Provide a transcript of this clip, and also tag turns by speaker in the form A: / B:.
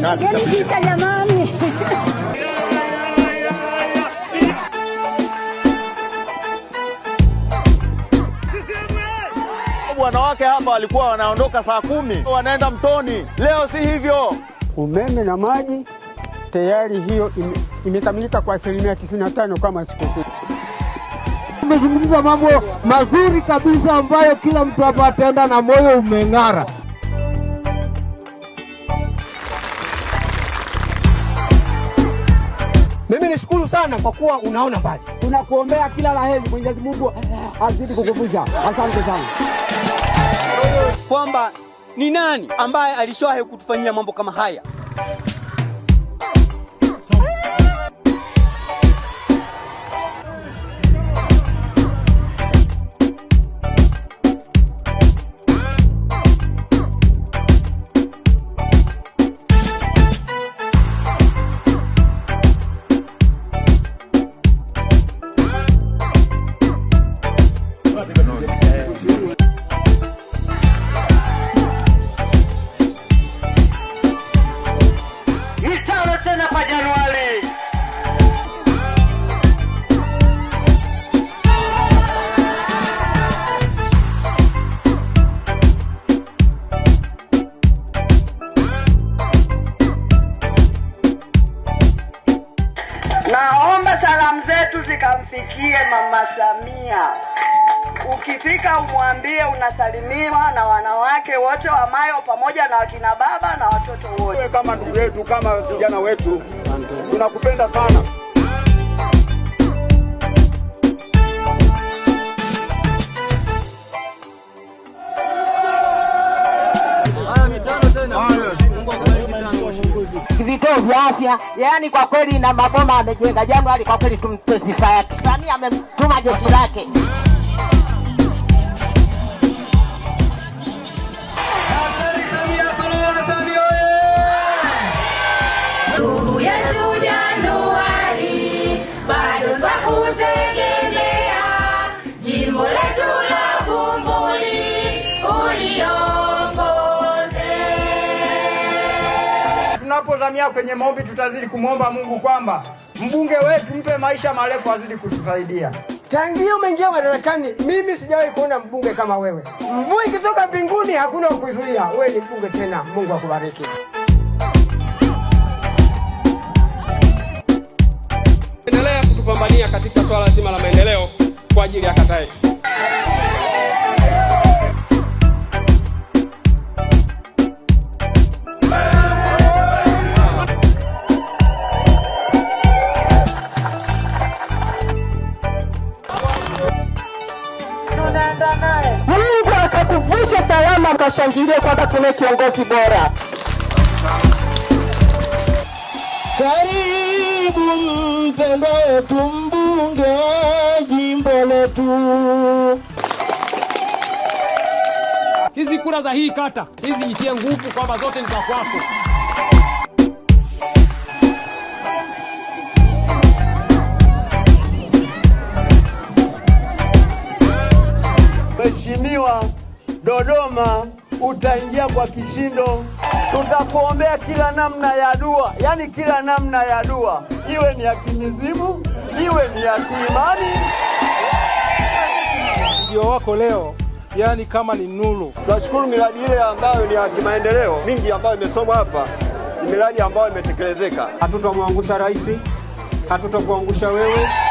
A: Tupigeni yaani yaani vita jamani!
B: Wanawake hapa walikuwa wanaondoka saa kumi wanaenda mtoni, leo si hivyo.
C: Umeme na maji tayari hiyo imekamilika kwa asilimia 95 kama sikosei. Umezungumza mambo mazuri kabisa ambayo kila mtu hapa ataenda na moyo umeng'ara. Nashukuru sana kwa kuwa unaona mbali. Tunakuombea kila la heri, Mwenyezi Mungu azidi kukuvusha. Asante sana
D: kwamba ni nani ambaye alishawahi kutufanyia mambo kama haya so.
E: zetu zikamfikie Mama Samia. Ukifika umwambie unasalimiwa na wanawake wote wa Mayo pamoja na wakina baba na watoto
F: wote. Kama ndugu yetu, kama kijana wetu, tunakupenda sana.
G: vituo vya afya. Yaani kwa kweli na maboma amejenga Januari, kwa kweli tumpe sifa yake. Samia amemtuma jeshi lake.
B: tunapozamia kwenye maombi, tutazidi kumwomba Mungu kwamba mbunge wetu mpe maisha marefu, azidi kutusaidia.
C: Tangia umeingia madarakani, mimi sijawahi kuona mbunge kama wewe. Mvua ikitoka mbinguni hakuna kuzuia, wewe ni mbunge tena. Mungu akubariki.
B: Endelea kutupambania katika swala zima la maendeleo kwa ajili ya kata yetu.
C: washangilie kwamba tuna kiongozi bora.
H: Karibu mpendwa wetu mbunge wa jimbo letu.
D: Hizi kura za hii kata hizi itie nguvu kwamba zote ni za kwako.
I: utaingia kwa kishindo. Tutakuombea kila namna ya dua, yani kila namna ya dua, iwe ni ya kimizimu, iwe ni ya kiimani.
B: Ujio wako leo yani kama ni nuru. Tunashukuru miradi ile ambayo ni ya kimaendeleo mingi ambayo imesomwa hapa, ni miradi ambayo imetekelezeka. Hatutamwangusha rais, hatutakuangusha wewe.